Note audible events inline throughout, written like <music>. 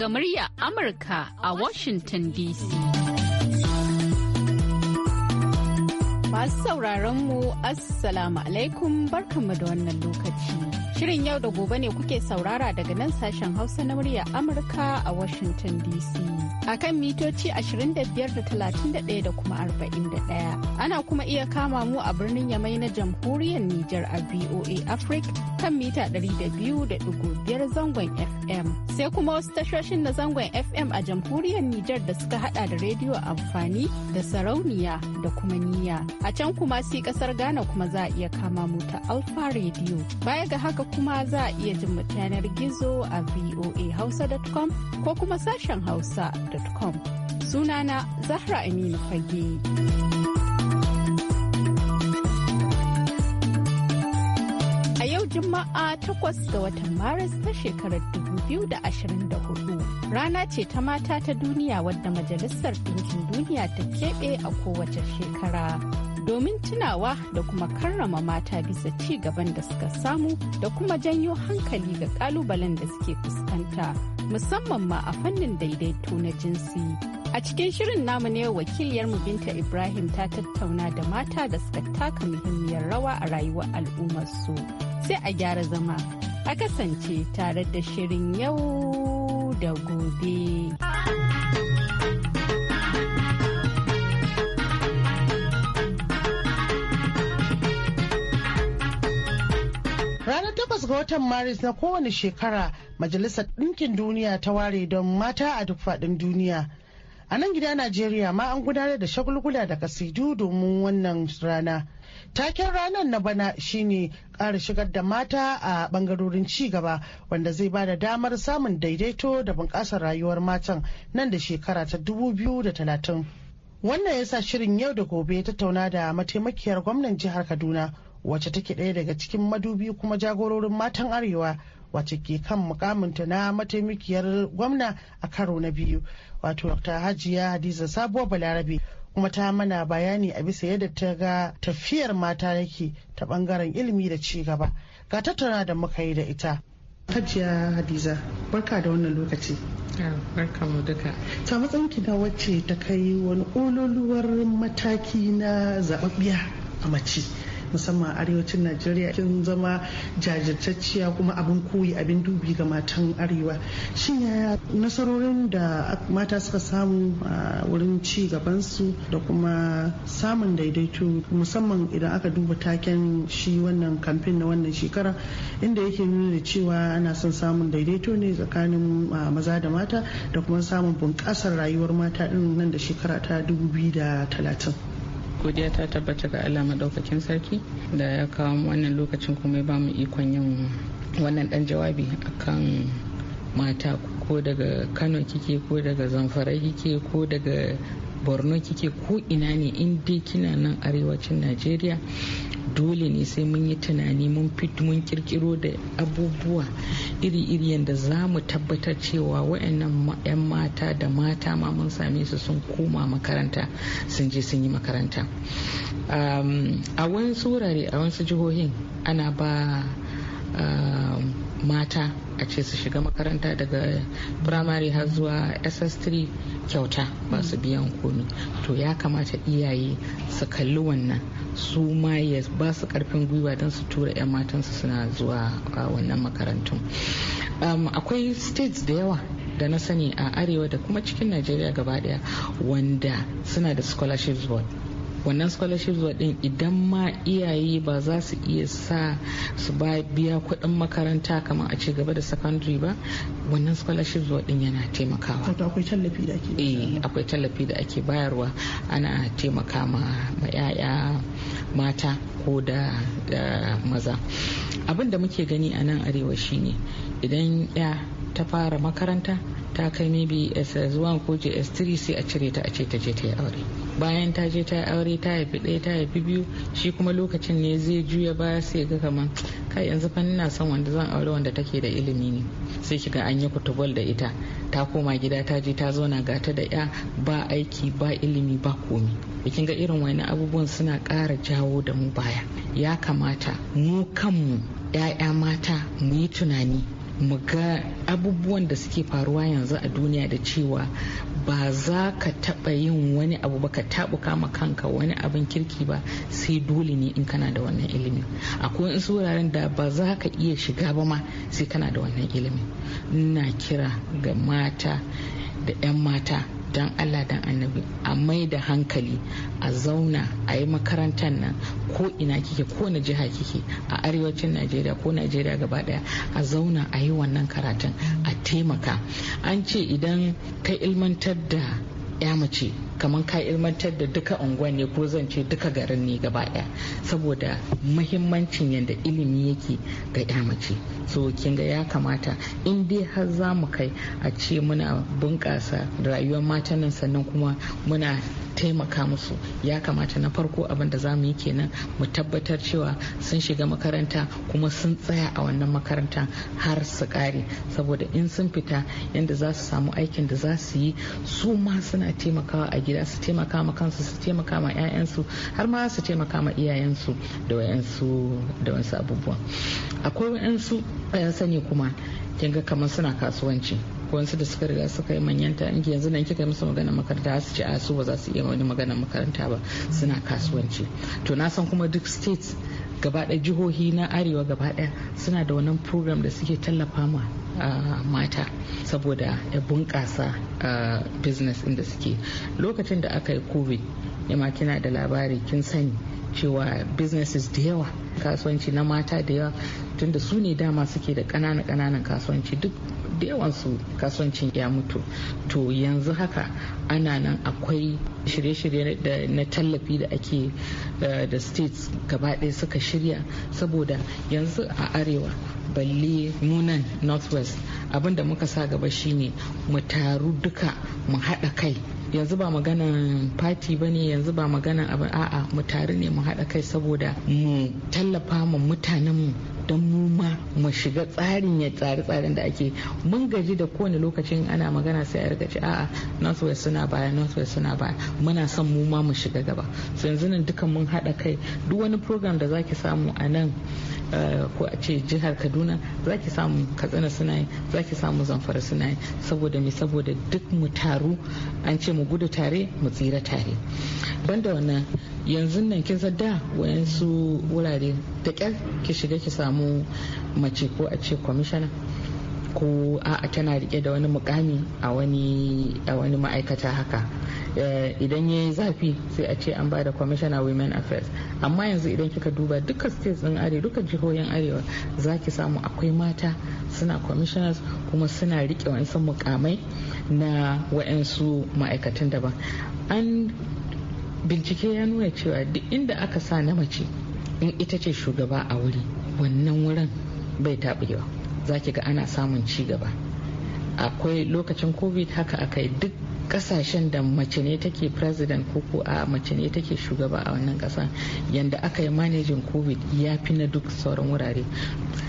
daga murya Amurka a Washington DC. Masu sauraron mu Assalamu alaikum barkanmu da wannan lokaci. Shirin yau da gobe ne kuke saurara daga nan sashen Hausa na murya Amurka a Washington DC. a kan mitoci 25.31 da kuma 41. Ana kuma iya kama mu a birnin Yamai na jamhuriyar Nijar a VOA Africa kan mita 200.5 zangon FM. Sai kuma wasu tashoshin na zangon FM a jamhuriyar Nijar da suka hada da rediyo amfani da sarauniya da kuma niya. A can kuma si kasar Ghana kuma za a iya kama mu ta Alfa rediyo Baya ga haka kuma za a iya jin yanar gizo a voahausa.com ko kuma sashen hausa.com. Sunana Zahra Aminu Fage. Juma'a takwas ga watan Maris ta shekarar da 2024. Rana ce ta mata ta duniya wadda Majalisar Ɗinkin Duniya ta keɓe a kowace shekara. Domin tunawa da kuma karrama mata bisa ci gaban da suka samu da kuma janyo hankali ga ƙalubalen da suke fuskanta, musamman ma a fannin daidaito na jinsi. A cikin shirin namu ne wakiliyarmu Binta Ibrahim ta tattauna da mata da suka taka muhimmiyar rawa a rayuwar al'ummarsu. sai a gyara zama a kasance tare da shirin yau da gobe. Ranar takwas ga watan Maris na kowane shekara Majalisar Ɗinkin Duniya ta ware don mata a duk faɗin duniya. A nan gida Najeriya ma an gudanar da shagulgula da kasidu domin wannan rana. Taken ranar na bana shine ƙara shigar da mata a bangarorin cigaba wanda zai bada damar samun daidaito da bunƙasar rayuwar matan nan da shekara ta 2030. Wannan ya sa shirin yau da gobe ya tattauna da mataimakiyar gwamnan jihar Kaduna wacce take ɗaya daga cikin madubi kuma jagororin matan Arewa wacce ke kan mukaminta na mataimakiyar gwamna a karo na biyu wato Dr. Hajiya Hadiza Sabuwar Balarabe. kuma ta mana bayani a bisa yadda ta ga tafiyar mata yake ta bangaren ilimi da ci gaba ga tattauna da muka yi da ita hajiya hadiza barka da wannan lokaci ah, barka mu duka ta ki na wacce ta kai wani ololuwar mataki na zababbiya a mace musamman arewacin najeriya kin zama jajirtacciya kuma abin koyi abin dubi ga matan arewa shin yaya nasarorin da mata suka samu a wurin ci gabansu da kuma samun daidaito musamman idan aka duba taken shi wannan kamfen na wannan shekara inda yake nuna da cewa ana son samun daidaito ne tsakanin maza da mata da kuma samun bunƙasar rayuwar mata din nan da shekara ta 2030 godiya ta tabbata ga allah maɗaukakin sarki da ya kawo wannan lokacin kuma ya bamu ikon yin wannan ɗan jawabi akan mata ko daga kano kike ko daga zamfara kike ko daga borno kike ko ina ne in dai kina nan arewacin najeriya dole ne sai mun yi tunani mun fito mun kirkiro da abubuwa iri-iri yadda za mu tabbatar cewa wayannan 'yan mata da mata ma mun same su sun koma makaranta sun je sun yi makaranta a wani wurare a wasu jihohin ana ba mata a ce su shiga makaranta daga primary har zuwa ss3 kyauta ba su mm. biyan komi to ya kamata iyaye su kalli wannan su ma ya ba su karfin gwiwa don su tura 'yan matansu suna zuwa a wannan makarantun um, akwai states da yawa da na sani a arewa da kuma cikin najeriya gaba daya wanda suna da scholarships board wannan scholarship din idan ma iyaye ba za su iya sa su ba biya kuɗin makaranta kamar a ci gaba da secondary ba wannan scholarship din yana taimakawa akwai tallafi da ake eh akwai tallafi da ake bayarwa ana taimaka ma yaya mata ko da maza abin da muke gani a nan arewa shine idan ya ta fara makaranta ta kai maybe ss1 ko S 3 sai a cire ta a ce ta je ta yi aure bayan ta je ta yi aure ta haifi ɗaya ta haifi biyu shi kuma lokacin ne zai juya baya sai ga kaman kai yanzu fa ina son wanda zan aure wanda take da ilimi ne sai kiga an yi kutubol da ita ta koma gida ta je ta zauna gata da ya ba aiki ba ilimi ba komi bikin ga irin wani abubuwan suna kara jawo da mu baya ya kamata mu kanmu 'ya'ya mata mu yi tunani mu ga abubuwan da suke faruwa yanzu a duniya da cewa ba za ka taɓa yin wani abu ba ka taɓu kama kanka wani abin kirki ba sai dole ne in kana da wannan ilimin akwai wasu wuraren da ba za ka iya shiga ba ma sai kana da wannan ilimin ina kira ga mata da 'yan mata don allah don annabi a mai da hankali a zauna a yi makarantar nan ko ina kike ko na jiha kike a arewacin najeriya ko najeriya gaba daya a zauna a yi wannan karatun a taimaka an ce idan ka ilmantar da ya mace kamar ka ilmantar da duka unguwan ne ko zan ce duka garin ne gaba ɗaya saboda mahimmancin yadda ilimi yake ga ya mace so kin ga ya kamata in dai har za mu kai a ce muna bunƙasa rayuwar mata nan sannan kuma muna taimaka musu ya kamata na farko abin da za mu yi kenan mu tabbatar cewa sun shiga makaranta kuma sun tsaya a wannan makaranta har su kare saboda in sun fita yadda za su samu aikin da za su yi su ma suna taimakawa a gida su taimaka ma kansu su taimaka ma 'ya'yansu har ma su taimaka ma iyayensu da wayansu da wasu abubuwa akwai wayansu sani kuma kinga kamar suna kasuwanci wasu da suka riga suka yi manyanta in yanzu nan kika musu magana makaranta su ce a su ba za su iya wani magana makaranta ba suna kasuwanci to na san kuma duk states gaba ɗaya jihohi na arewa gaba ɗaya suna da wannan program da suke tallafa ma mata saboda ya bunƙasa business inda suke lokacin da aka yi covid yamma kina da labari kin sani cewa businesses da yawa kasuwanci na mata da yawa tunda su ne dama suke da ƙananan ƙananan kasuwanci duk da yawansu kasuwancin ya mutu to yanzu haka ana nan akwai shirye-shirye na tallafi da ake da states gabaɗaya suka shirya saboda yanzu a arewa balle nunan northwest abinda muka sa gaba shine mu taru duka mu haɗa kai yanzu ba magana fati ba ne yanzu ba magana abu a'a mu tare ne mu haɗa kai saboda mu tallafa mu mutanenmu don mu ma mu shiga tsarin ya tsare tsarin da ake mun gaji da kowane lokacin ana magana sai a rika ce a'a north west suna baya north west suna baya muna son mu ma mu shiga gaba yanzu nan dukan mun haɗa kai duk wani program da zaki samu a nan Eh, ko a ce jihar kaduna za ki samu katsina suna yi za ki samu zamfara suna yi saboda me saboda duk mu taru an ce mu gudu tare mu tsira tare banda wannan yanzu nan kin da wayansu wurare da kyar ki shiga ki samu mace ko a ce kwamishana ko a'a tana rike da wani mukami a wani ma'aikata haka Eh, idan ya yi zafi sai a ce an ba da commissioner women affairs amma yanzu idan kika duba duka states din arewa duka jihohin arewa za ki samu akwai mata suna commissioners kuma suna rike wa'insu mukamai na wa'insu ma'aikatan daban an bincike ya nuna cewa duk inda aka sa na mace in ita ce shugaba a wuri wannan wurin bai taɓewa za ki ga ana samun ci gaba akwai lokacin covid haka aka yi duk kasashen da mace ne take president ko ko a mace ne take shugaba a wannan kasa yanda aka yi managing covid ya fi na duk sauran wurare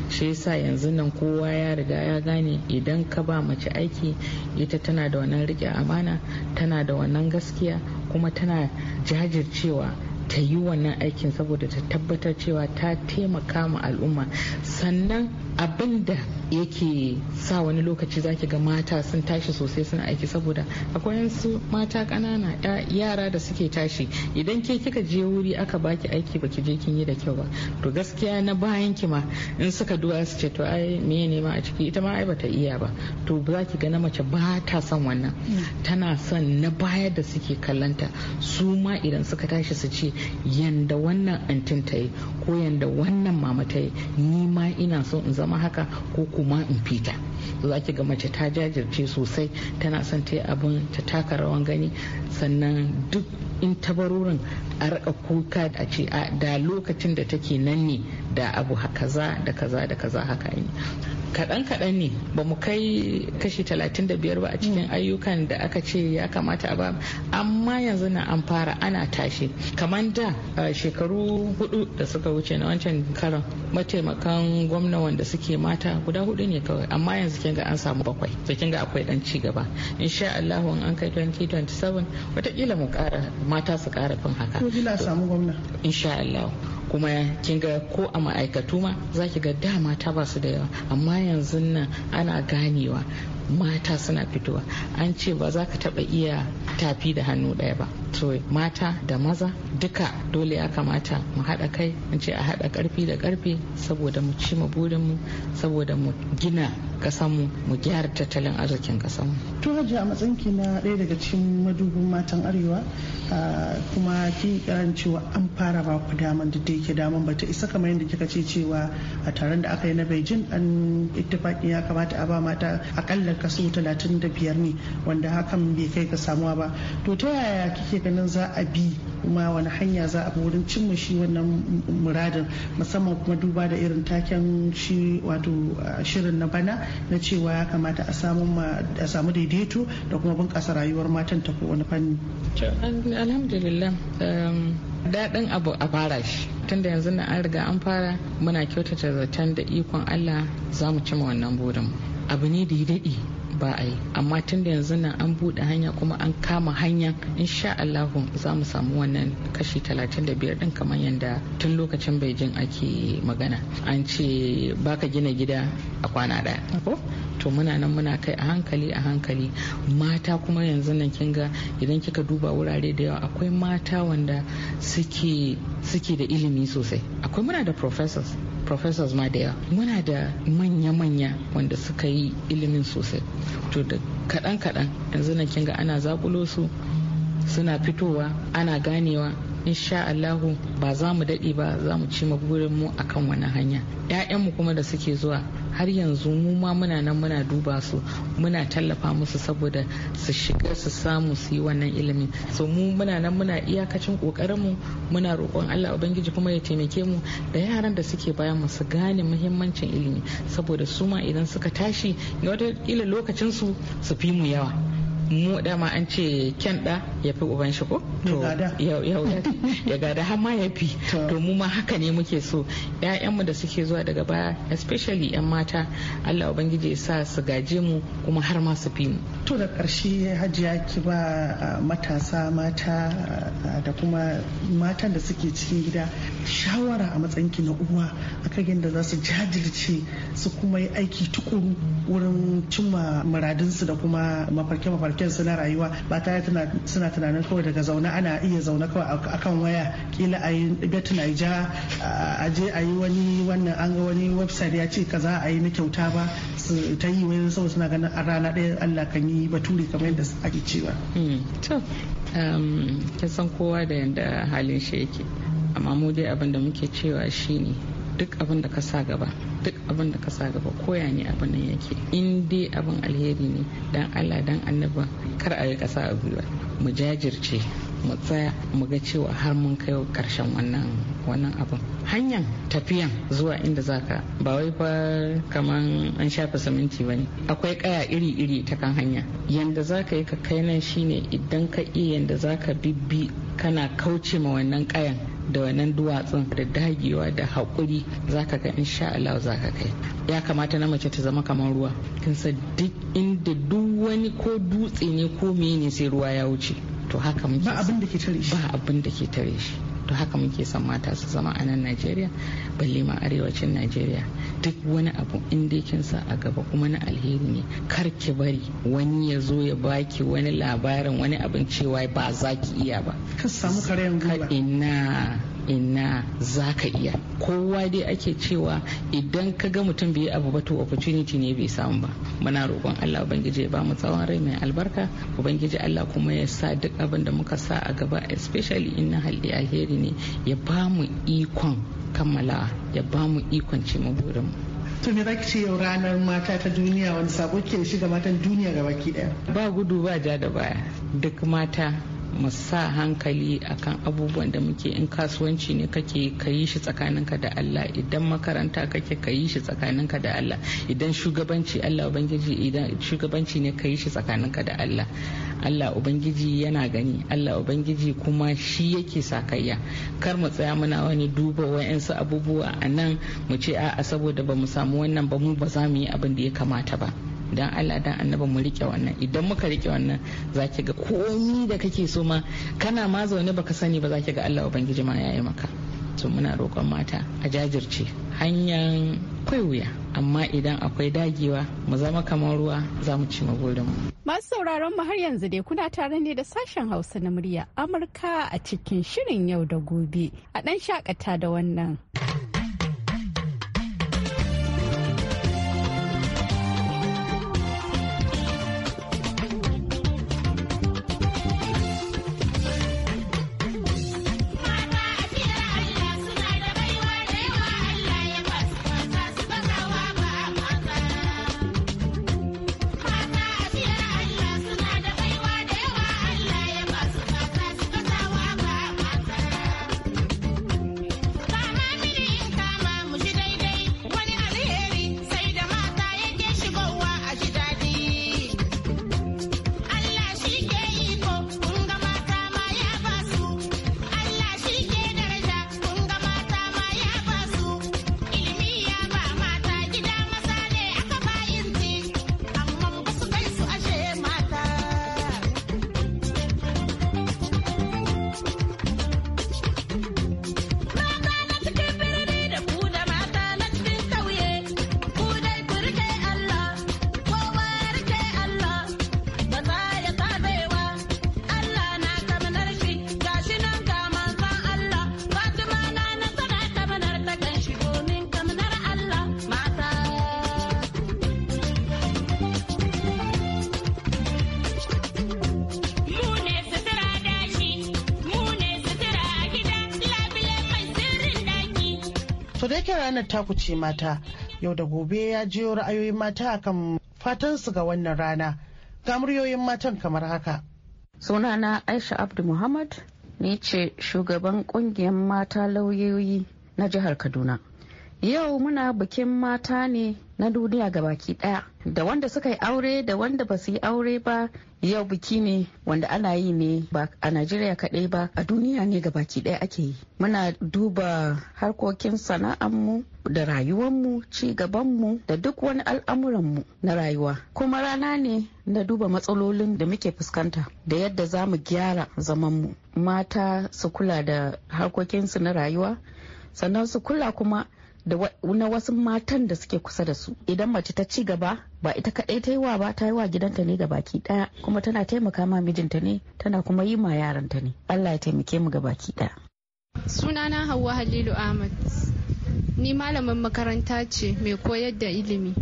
shi yasa yanzu nan kowa ya riga ya gane idan ka ba mace aiki ita tana da wannan rike amana tana da wannan gaskiya kuma tana jajircewa ta yi wannan aikin saboda ta tabbatar cewa ta taimaka ma al'umma sannan abin da yake sa wani lokaci zaki ga mata sun tashi sosai suna aiki saboda akwai su mata kanana yara da suke tashi idan ke kika je wuri aka baki aiki baki je kin yi da kyau ba to gaskiya na bayan ki ma in suka duba su ce to ai me ne ma a ciki ita ma ai bata iya ba to zaki ga na mace ba ta son wannan mm. tana son na baya da suke kallanta su ma idan suka tashi su ce yanda wannan antin ta yi ko yanda wannan mama ta yi ni ma ina so in zama haka ko kuma in fita za ki ga mace ta jajirce sosai tana son ta yi abin ta taka rawan gani sannan duk in tabarorin a raka kuka a ce da lokacin da take nan ne da abu kaza da kaza da kaza haka yi. kaɗan kaɗan ne ba mu kai kashi 35 ba a cikin mm. ayyukan da aka ce ya kamata ba amma yanzu na an fara ana tashi kamar da shekaru hudu da suka wuce na wancan karan mataimakan gwamna wanda suke mata guda hudu ne kawai amma yanzu kin ga an samu bakwai to kin ga akwai dan ci gaba insha Allah an kai 2027 watakila mu kara mata su kara fin haka to kila samu gwamna insha Allah kuma kin ga ko a ma'aikatu ma za ki ga da mata ba su da yawa amma yanzu nan ana ganewa mata suna fitowa an ce ba za ka taba iya tafi da hannu ɗaya ba to mata da maza duka dole ya kamata mu haɗa kai an ce a haɗa ƙarfi da ƙarfi saboda mu ci mu saboda mu gina kasanmu mu mu gyara tattalin arzikin kasanmu. To Hajji a matsayinki na ɗaya daga cikin madubin matan Arewa kuma ki karan cewa an fara ba ku daman da ta yake daman bata isa kamar yadda kika ce cewa a taron da aka yi na Beijing an ittifaqin ya kamata a ba mata akalla kaso biyar ne wanda hakan bai kai ka samuwa ba. To ta yaya kike ganin za a bi kuma wani hanya za a bi wurin cimma shi wannan muradin musamman kuma duba da irin taken shi wato shirin na bana na cewa ya kamata a samu daidaito da kuma bunƙasa rayuwar matan ta kowane fanni. alhamdulillah um, daɗin abu a fara shi tunda yanzu na an riga an fara muna kyautata zaton da ikon allah za mu cimma wannan burin abu ne da ya ba a yi amma tun da yanzu nan an buɗe hanya kuma an kama hanya insha Allahu za mu samu wannan kashi 35 din kamar yadda tun lokacin Beijing ake magana an ce baka gina gida a kwana ɗaya to muna nan muna kai a hankali a hankali mata kuma yanzu nan kin ga idan kika duba wurare da yawa akwai mata wanda suke da ilimi sosai akwai muna da professors professors ma da yawa muna da manya-manya wanda suka yi ilimin sosai to da kaɗan-kaɗan yanzu na kinga ana zakulo su suna fitowa ana ganewa insha Allahu ba za mu daɗe ba za mu ci burin mu kan wani hanya mu kuma da suke zuwa har yanzu mu ma muna nan muna duba su muna tallafa musu saboda su shiga su samu su yi wannan ilimin so mu muna nan muna iyakacin kokarinmu muna roƙon Allah ubangiji kuma ya taimake mu da yaran da suke bayan mu su gane muhimmancin ilimi saboda su ma idan suka tashi wata ila lokacin su su fi mu yawa mu dama an ce kyan da ya fi uban shi ko to <laughs> ya gada har ma ya fi to mu ma haka ne muke so mu da suke zuwa daga baya especially 'yan mata Allah ubangiji ya sa su gaje mu kuma har ma su fi mu to da karshe hajiya ki ba matasa mata da kuma matan da suke cikin gida shawara a matsayinki na uwa akan yadda za su jajirce su kuma yi aiki tukuru wurin cimma muradinsu da kuma mafarke-mafarke harkokinsu na rayuwa ba tare suna tunanin kawai daga zaune ana iya zaune kawai akan waya kila a yi betin a ja a je a yi wani wannan an ga wani website ya ce kaza a yi na kyauta ba su ta yi wani sau suna ganin a rana ɗaya Allah kan yi baturi kamar yadda ake cewa. Hmm, to, um, san kowa da yadda halin shi yake. amma mu dai abin da muke cewa shi ne. duk abin da ka sa gaba duk abin da ka sa gaba koya ne abin nan yake in dai abin alheri ne dan Allah dan annaba kar a yi kasa a gwiwa mu jajirce mu tsaya mu ga cewa har mun kai karshen wannan wannan abin hanyar tafiyan zuwa inda zaka ba wai fa kaman an shafa siminti bane akwai kaya iri-iri ta kan hanya yanda zaka yi ka kai nan shine idan ka iya yanda zaka bibbi kana kauce ma wannan kayan da wannan duwatsun da dagewa da haƙuri ka ga insha Allah ka kai ya kamata na mace ta zama kamar ruwa kin san duk inda duk wani ko dutse ne ko mene sai ruwa ya wuce to haka muke ba abin da ke tare shi ba abin da ke tare shi to haka muke son mata su zama a nan najeriya balle ma arewacin najeriya duk wani abu in dai kin sa a gaba kuma na alheri ne kar ki bari wani ya zo ya baki wani labarin wani abin cewa ba za ki iya ba ka samu karayan ina ina za ka iya kowa dai ake cewa idan ka ga mutum bai abu ba to opportunity ne bai samu ba muna roƙon Allah ubangiji ya ba mu tsawon rai mai albarka ubangiji Allah kuma ya sa duk abin da muka sa a gaba especially in na halli alheri ne ya ba mu ikon kammalawa ya ba mu ikon ce mu burin mu to me zaki ce yau ranar mata ta duniya wani sabo ke shiga matan duniya gaba ki daya ba gudu ba ja da baya duk mata mu sa hankali akan abubuwan da muke in kasuwanci ne kake ka yi shi tsakaninka da Allah idan makaranta kake ka yi shi tsakaninka da Allah idan shugabanci Allah ubangiji idan shugabanci ne ka yi shi tsakaninka da Allah Allah ubangiji yana gani Allah ubangiji kuma shi yake sakayya kar mu tsaya muna wani duba wa'ansu abubuwa a nan mu ce a'a saboda ba mu samu wannan ba mu ba za mu yi abin da ya kamata ba dan Allah dan annaba mu rike wannan idan muka rike wannan zaki ga komi da kake so ma kana ma zaune baka sani ba zaki ga Allah ubangiji ma yayi maka to muna roƙon mata a jajirce hanyar kai wuya amma idan akwai dagewa mu zama kamar ruwa za mu ci burin mu. Masu sauraron mu har yanzu dai kuna tare ne da sashen Hausa na murya Amurka a cikin shirin yau da gobe a ɗan shakata da wannan. da yake ranar taku ce mata yau da gobe ya jiyo ra'ayoyin mata akan fatansu ga wannan rana ga muryoyin matan kamar haka. sunana aisha abdu muhammad ni ce shugaban kungiyar mata lauyoyi na jihar kaduna yau muna bikin mata ne na duniya ga baki daya da wanda suka yi aure da wanda ba su yi aure ba yau biki ne wanda ana yi ne ba a najeriya kaɗai ba a duniya ne ga baki daya ake yi muna duba harkokin sana'anmu da rayuwanmu ci gabanmu da duk wani al'amuranmu na rayuwa kuma rana ne na duba matsalolin da muke fuskanta da yadda za mu gyara zamanmu mata su kula da harkokinsu na rayuwa sannan su kula kuma na wasu matan da suke kusa da su idan mace ta ci gaba ba ita kaɗai ta yi wa ba ta yi wa gidanta ne baki ɗaya kuma tana taimaka ma mijinta ne tana kuma yi ma yaranta ne allah ya taimake mu baki ɗaya sunana Hauwa halilu ahmad ni malamin makaranta ce mai koyar da ilimi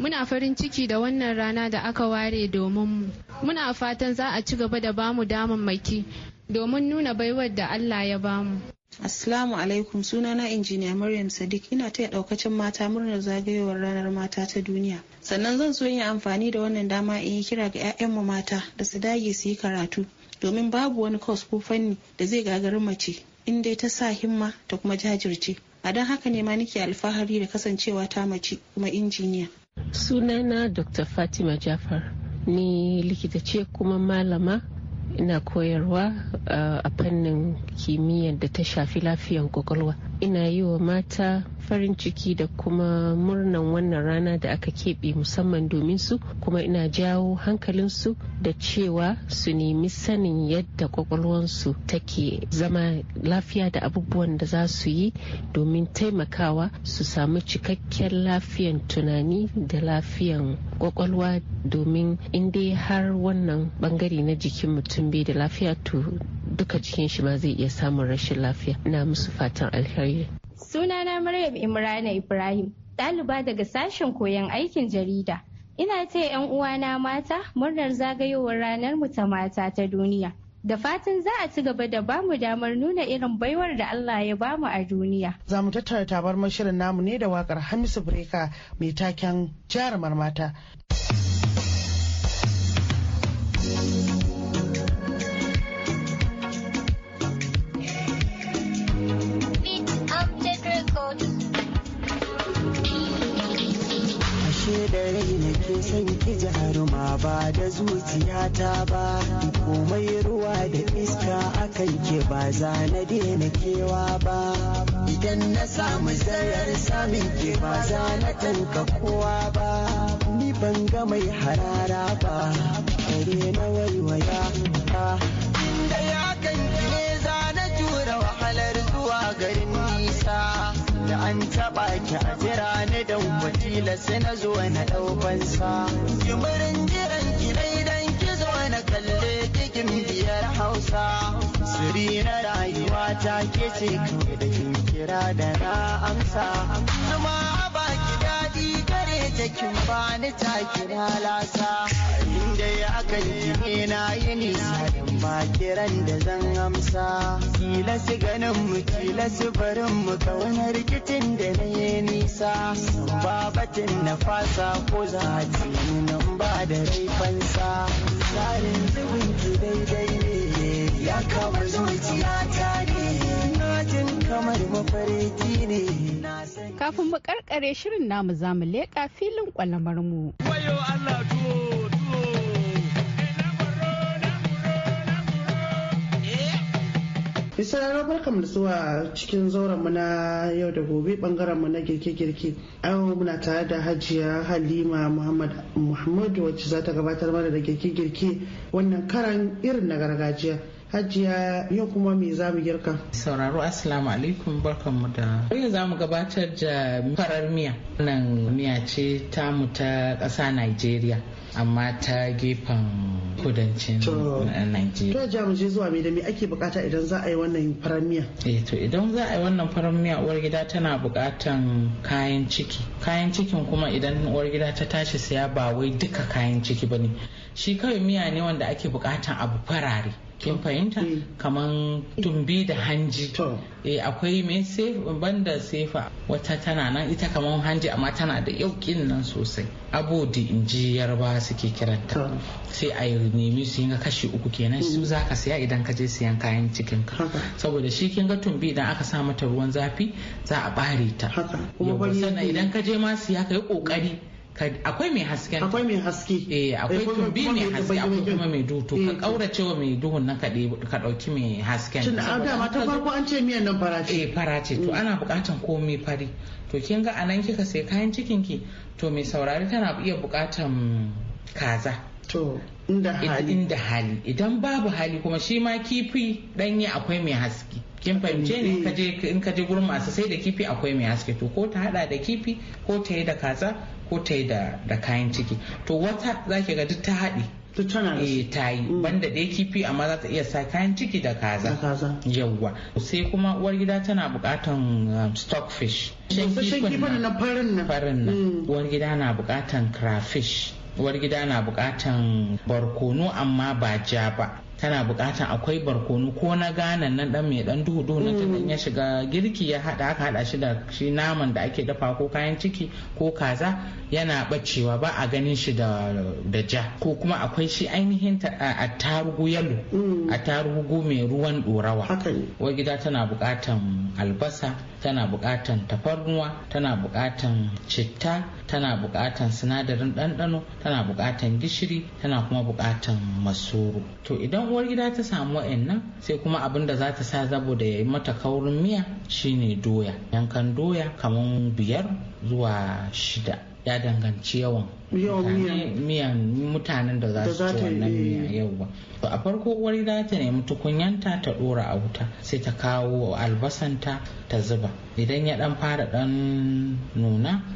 muna farin ciki da wannan rana da aka ware domin mu muna fatan za a ci gaba da bamu damammaki domin nuna baiwar da allah ya bamu Assalamu alaikum sunana injiniya Maryam Sadiq ina taya daukacin mata murnar zagayowar ranar mata ta duniya. Sannan zan so yin amfani da wannan dama in yi kira ga 'ya'yanmu mata da su dage su yi karatu domin babu wani kos ko fanni da zai gagari mace in dai ta sa himma ta kuma jajirce. A don haka ne ma nake alfahari da kasancewa ta mace kuma injiniya. Sunana Dr. Fatima Jafar ni likita ce kuma malama ina koyarwa eh, a fannin kimiyyar da ta shafi lafiyar kwakwalwa ina yi wa mata farin ciki da kuma murnan wannan rana da aka keɓe musamman domin su kuma ina jawo hankalinsu da cewa su nemi sanin yadda kwakwalwansu take zama lafiya da abubuwan da za su yi domin taimakawa su samu cikakken lafiyan tunani da lafiyan kwakwalwa domin in dai har wannan bangare na jikin mutum bai da lafiya to duka jikin shi ma zai iya samun rashin lafiya na musu fatan alheri Sunana Maryam Imrana Ibrahim, ɗaliba daga sashen koyon aikin jarida. Ina ce 'yan uwana mata murnar zagayowar ranar mu ta mata ta duniya. Da fatan za a ci gaba da ba mu damar nuna irin baiwar da Allah ya ba mu a duniya. Za mu tattara tabar shirin namu ne da wakar Hamisu Breka mai taken jarumar mata. rai nake son ki jaruma ba da zuciyata ba komai ruwa da iska akan ke ba za na daina kewa ba idan na samu zayar samin ke ba za na tanka kowa ba ni ban ga mai harara ba kare na waiwaya ba inda ya kan ne za na jura wahalar zuwa garin nisa da an taba ki a jira na kila sai na zo na dau sa, ki barin jiran ki dai dan ki zo na kalle cikin biyar hausa siri na rayuwa ta ke ce kawai da kin kira da na amsa ita kin bani taki na lasa inda ya aka ne na yi nisa kiran da zan amsa kila su ganin mu kila su barin mu kauna rikicin da na yi nisa babatin na fasa ko za nan ba da raifansa tsarin zubin daidai ne ya kama zuciya ta ne cikin kamar mafariki ne kafin mu karkare shirin namu zamu leƙa filin kwalamar mu wayo Allah barkam da zuwa cikin zauren na yau da gobe bangaren mu na girke-girke. Yau muna tare da hajiya Halima Muhammad Muhammadu wacce za ta gabatar mana da girke-girke wannan karan irin na gargajiya. Hajiya yau kuma me za mu girka? Sauraro Assalamu alaikum barkanmu da. Yau za mu gabatar da farar miya. Wannan miya ce ta ta ƙasa Najeriya amma ta gefen kudancin nigeria To ja mu je zuwa me da me ake bukata idan za a yi wannan farar miya? Eh to idan za a yi wannan farar miya uwar gida tana bukatan kayan ciki. Kayan cikin kuma idan uwar gida ta tashi siya ba wai duka kayan ciki bane. Shi kawai miya ne wanda ake bukatan abu farare. kin fahimta mm. kaman tumbi da hanji eh akwai mai banda sefa wata tana nan ita kaman hanji amma tana da yaukin nan sosai abodi in ji yarba suke kiranta sai a nemi su yin kashi uku kenan su mm. za ka siya idan ka je siyan kayan cikin ka saboda shi kin ga tumbi idan aka sa mata ruwan zafi za a bare ta kuma idan ka je ma siya ka yi kokari akwai mai hasken akwai mai haske eh akwai tumbi mai haske akwai kuma mai duhu to ka kaurace wa mai duhun nan ka ka dauki mai hasken shin a dama ta farko an ce miyan nan farace eh farace to mm. ana bukatan ko mai fari to kin ga anan kika sai kayan cikin ki to mai saurari tana iya bukatan kaza to inda hali inda hali idan babu hali kuma shi ma kifi danye akwai mai haske kin fahimce ni eh. ka je in ka je gurin masu sai da kifi akwai mai haske to ko ta hada da kifi ko ta yi da kaza ko ta yi da kayan ciki to wata zaki ga duk ta haɗi eh ta yi mm. banda da kifi amma za ta iya sa kayan ciki da kaza yawwa sai kuma uwar gida tana bukatan um, stockfish shan kifin na farin nan farin mm. uwar gida na bukatan crayfish uwar gida na bukatan barkono amma ba ja ba tana bukatan akwai barkono ko na ganan nan dan mai dan duhu duhu na mm. ta ya shiga girki ya hada aka hada shi da shi naman da ake dafa ko kayan ciki ko kaza yana bacewa ba a ganin shi da ja ko kuma akwai shi ainihin a tarugu yalo mm. a tarugu mai ruwan dorawa wa gida tana bukatan albasa tana bukatan tafarnuwa tana bukatan citta tana bukatan sinadarin ɗanɗano tana bukatan gishiri tana kuma bukatan masoro to idan uwar gida ta samu wa'annan sai kuma abin da za ta sa da ya yi mata kaurin miya shine doya yankan doya kaman biyar zuwa shida ya danganci yawan miyan mutanen da za su ci wannan miya eh. yau ba to a farko wani za ta nemi tukunyanta ta dora a wuta sai ta kawo albasanta ta zuba idan ya dan fara dan nuna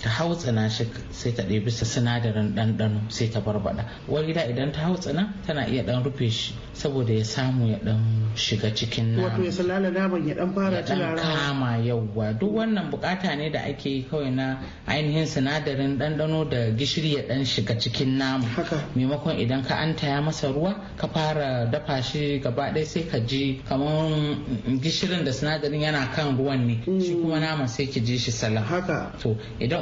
ta hautsina shi sai ta ɗebi sinadarin ɗanɗano sai ta barbaɗa wani gida idan ta tsana tana iya ɗan rufe shi saboda ya samu ya ɗan shiga cikin nama wato ya salala naman ya ɗan fara ya kama yauwa duk wannan bukata ne da ake yi kawai na ainihin sinadarin ɗanɗano da gishiri ya ɗan shiga cikin nama maimakon idan ka an taya masa ruwa ka fara dafa shi gaba ɗaya sai ka ji kamar gishirin da sinadarin yana kan ruwan ne shi mm. kuma nama sai ki ji shi salam haka to idan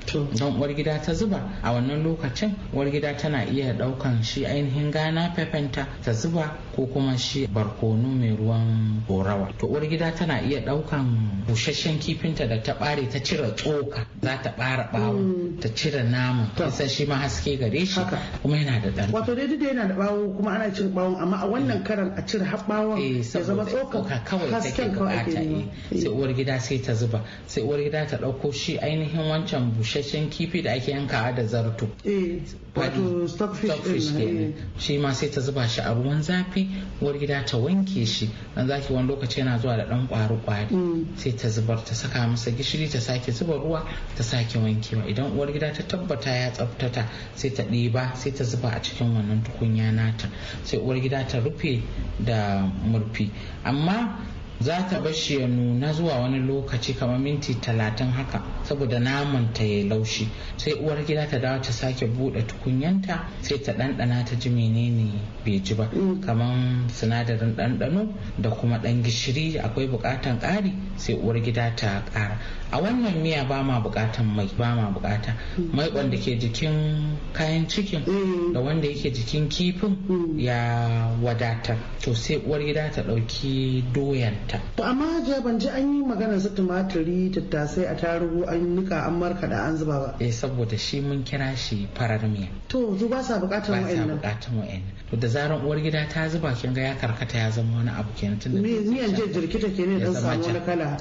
don uwar gida ta zuba a wannan lokacin uwar gida tana iya daukan shi ainihin gana fefenta ta zuba ko kuma shi barkono mai ruwan borawa to uwar gida tana iya daukan bushashen kifinta da ta bare ta cire tsoka za ta bara bawo mm. ta cire nama kusan shi ma haske gare shi kuma yana da dan wato dai dai yana da bawo kuma ana cin bawon amma a wannan mm. karan a cire har bawon eh, ya zama tsoka kawai take bukata eh. sai uwar gida sai ta zuba sai uwar gida ta dauko shi ainihin wancan bushe busasshen kifi da ake yankawa da zarto eh, wato stockfish eh. shi ma sai ta zuba shi a ruwan zafi uwargida gida ta wanke shi dan zaki wani lokaci yana zuwa da dan kwaru kwari mm. sai ta zubar ta saka masa gishiri ta sake zuba ruwa ta sake wankewa idan uwar gida ta tabbata ya tsaftata sai ta ɗiba sai ta zuba a cikin wannan tukunya nata sai uwar gida ta rufe da murfi amma za ta bashi ya nuna zuwa wani lokaci kamar minti talatin haka saboda naman ta ya laushi sai uwar gida ta dawo ta sake buɗe tukunyanta sai ta ɗanɗana ta ji menene bai ji ba mm. kamar sinadarin ɗanɗano da kuma ɗan gishiri akwai buƙatan ƙari sai uwar gida ta ƙara a wannan miya ba ma buƙatan mai ba ma buƙata mm. mai wanda ke jikin kayan cikin mm. da wanda yake jikin kifin ya wadatar to sai uwar gida ta ɗauki doyanta to amma je ban ji an yi magana su tumaturi tattasai a tarugu an nika an da an zuba ba eh saboda shi mun kira shi farar miya to su ba sa buƙatan wa'annan ba sa buƙatan wa'annan to da zaran uwar gida ta zuba kin ga ya karkata ya zama wani abu kenan tunda an je jirkita ke ne dan samu wani kala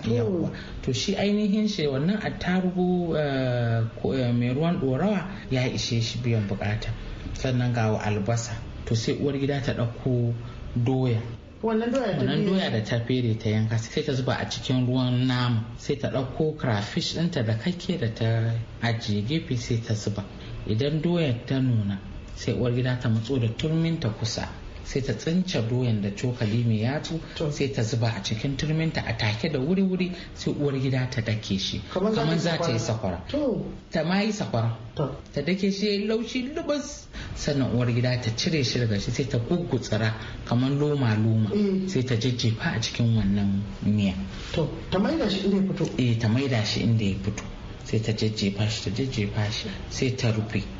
to shi ainihin shi wannan attarugu eh, eh, mai ruwan dorawa ya ishe shi biyan bukata sannan ga albasa to sai uwar gida ta dauko doya wannan doya da ta fere ta yanka sai ta zuba a cikin ruwan nama sai ta dauko crayfish ɗinta da kake da ta ajiye gefe sai ta zuba idan doya ta nuna sai uwar gida ta matso da turmin ta kusa sai ta tsince doyan da cokali mai yatsu sai ta zuba a cikin turmin ta a take da wuri-wuri sai uwar gida ta dake shi kamar za ta yi sakwara ta ma yi sakwara ta dake shi ya yi laushi lubas sannan uwar gida ta cire shi daga shi sai ta gugutsara kamar loma-loma mm. sai ta jajjefa a cikin wannan miya ta maida shi inda ya fito eh ta maida shi inda ya fito sai ta jajjefa shi ta jajjefa shi sai ta rufe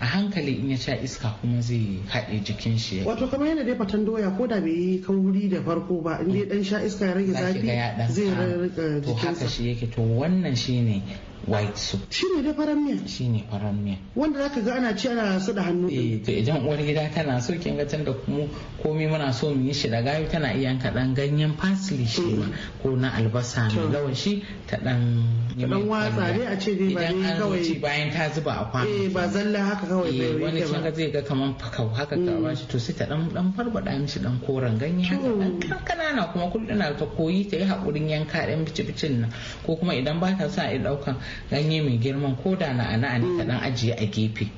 a hankali in ya sha iska kuma zai haɗe jikin shi wato kamar yana dai fatan doya ko da bai yi kauri da farko ba in dai dan sha iska ya rage zafi zai rage jikinsa to haka shi yake to wannan shine white soup ne da faran miya ne faran miya wanda zaka ga ana ci ana su da hannu eh to idan uwar gida tana so kin ga tunda kuma komai muna so mu yi shi da gayu tana iya yanka dan ganyen parsley shi ma ko na albasa mai lawashi ta dan dan watsa ne a ce dai ba dai kawai bayan ta zuba a kwano eh ba zalla haka kawai eh, bai wani kin ga zai ga kaman fakau haka ka shi to sai ta dan dan farbada mishi dan koren ganye haka na kanana kuma kullun ta koyi ta yi hakurin yanka dan bici-bicin nan ko kuma idan ba ta sa a daukan ganye mai girman ko da na ana ne kaɗan ajiye a gefe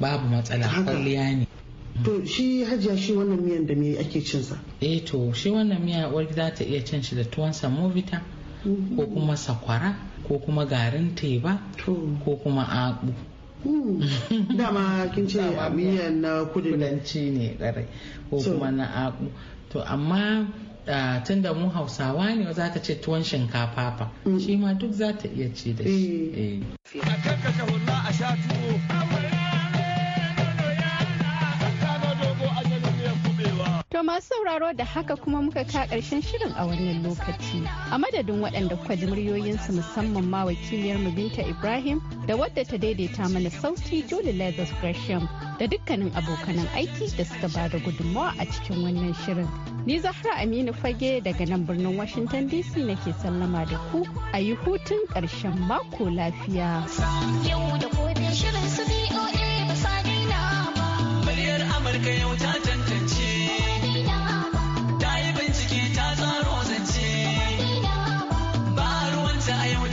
babu matsala kwalliya ne to shi hajiya shi wannan miyan da me ake cin sa eh to shi wannan miya uwar za ta iya cin shi da tuwon samovita mm-hmm. ko kuma sakwara ko kuma garin teba ko kuma abu mm. dama kin ce <laughs> miyan na kudanci ne ko kuma na abu to amma tun da mu hausawa ne za ta ce tuwon shinkafa fa mm. shi ma duk za ta iya ci da shi. Eh. Eh. A a sha tuwo. To masu sauraro da haka kuma muka ka karshen shirin a wannan lokaci. A madadin waɗanda kuka ji muryoyinsu musamman ma wakiliyar mu Binta Ibrahim da wadda ta daidaita mana sauti Julie Leathers Gresham da dukkanin abokanan aiki da suka ba da gudunmawa a cikin wannan shirin. Ni Zahra Aminu Fage daga nan birnin Washington DC nake sallama da ku a yi hutun ƙarshen mako lafiya. Yau da shirin su ba sa daina ba. Muryar Amurka yau ta